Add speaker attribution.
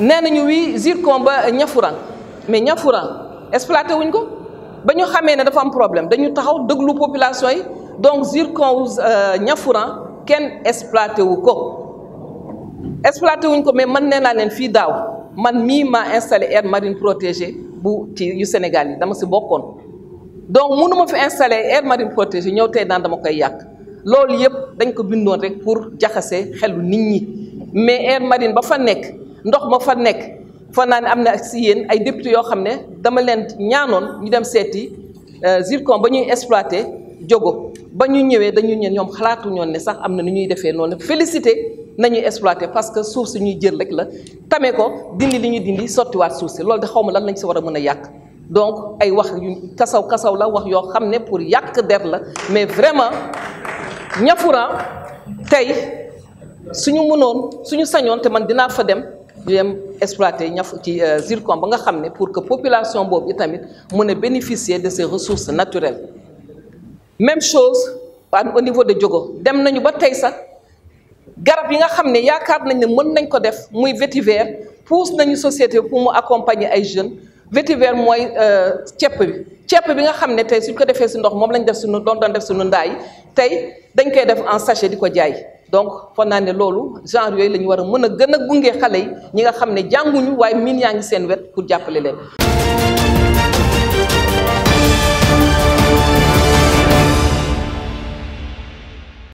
Speaker 1: nee nañu wii zircon ba ñafuran mais ñafuran exploité wuñ ko ba ñu xamee ne dafa am problème dañu taxaw déglu population yi donc zircon wu euh, ñafuran kenn exploité wu ko exploité wuñ ko mais man nee naa leen fii daaw man mii ma installé aire marine protégée bu ci yu Sénégal yi dama si bokkoon donc mënu fi installé aire marine protégée ñëw tey daan dama koy yàq loolu yëpp dañ ko bindoon rek pour jaxase xelu nit ñi mais aire marine ba fa nekk ndox ma fa nekk fa naa ne am na si yéen ay député yoo xam ne dama leen ñaanoon ñu dem seeti euh, zircon ba ñuy exploité jogo ba ñu ñëwee dañu ñeen ñoom xalaatu ñoon ne sax am na nu ñuy defee noonu félicité nañu exploité parce que suuf si ñuy jël rek la tamee ko dindi li ñuy dindi sottiwaat suuf si loolu de xaw ma lan lañ si war a mën a yàq donc ay wax yu kasaw kasaw la wax yoo xam ne pour yàq der la mais vraiment Niafouran tey suñu mënoon suñu sañoon te man dinaa fa dem dem exploiter ñaf ci euh, zircon ba nga xamné pour que population bobu itamit mën bénéficier de ces ressources naturelles même chose au niveau de Djogo dem nañu ba tay sax garab yi nga xamné yaakar nañ ne mën nañ ko def muy vétiver pousse nañu société pour mu accompagner ay jeunes vétiver mooy euh, cepp bi cepp bi nga xamné tay tey suñ ko defee ci ndox mom lañ def suñu doon doon def suñu ndaa yi dañ koy def en sachet diko jaay donc foog naa ne genre yooyu la ñu war a mën a gunge xale yi ñi nga xam ne jànguñu waaye miin yaa seen wet pour jàppale leen.